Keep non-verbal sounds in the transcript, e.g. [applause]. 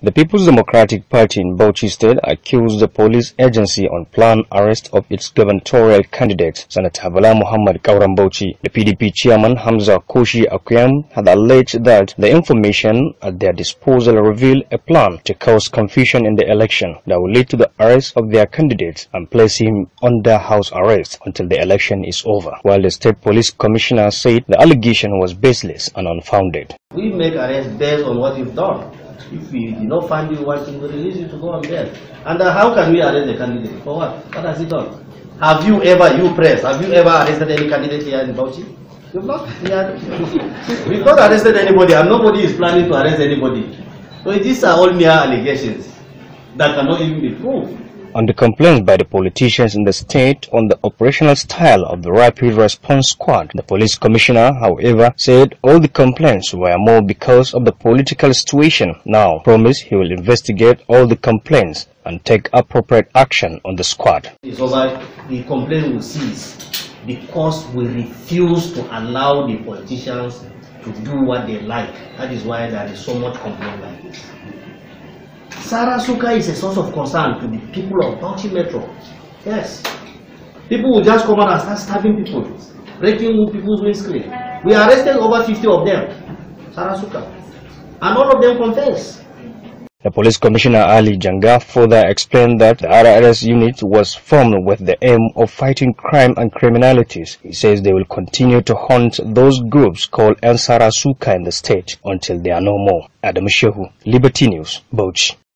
The People's Democratic Party in Bauchi State accused the police agency on planned arrest of its gubernatorial candidate, Senator Bala Muhammad Kauram Bauchi. The PDP chairman Hamza Koshi Akuyam had alleged that the information at their disposal revealed a plan to cause confusion in the election that will lead to the arrest of their candidate and place him under house arrest until the election is over. While the state police commissioner said the allegation was baseless and unfounded. We make arrests based on what you've done. If we did not find you wanting, we release you to go on there. And uh, how can we arrest the candidate? For what? What has he done? Have you ever, you press, have you ever arrested any candidate here in Bauchi? You've not. [laughs] We've not arrested anybody, and nobody is planning to arrest anybody. So these are all mere allegations that cannot even be proved on the complaints by the politicians in the state on the operational style of the rapid response squad. The police commissioner, however, said all the complaints were more because of the political situation now promised he will investigate all the complaints and take appropriate action on the squad. It's over. the complaint will cease because we refuse to allow the politicians to do what they like. That is why there is so much complaint like this. Sarasuka is a source of concern to the people of Bauchi Metro. Yes. People will just come out and start stabbing people, breaking people's windscreen. We arrested over 50 of them, Sarasuka. And all of them confess. The police commissioner Ali Janga further explained that the RRS unit was formed with the aim of fighting crime and criminalities. He says they will continue to hunt those groups called Ansarasuka in the state until they are no more. Adam Shehu, Liberty News, Bochi.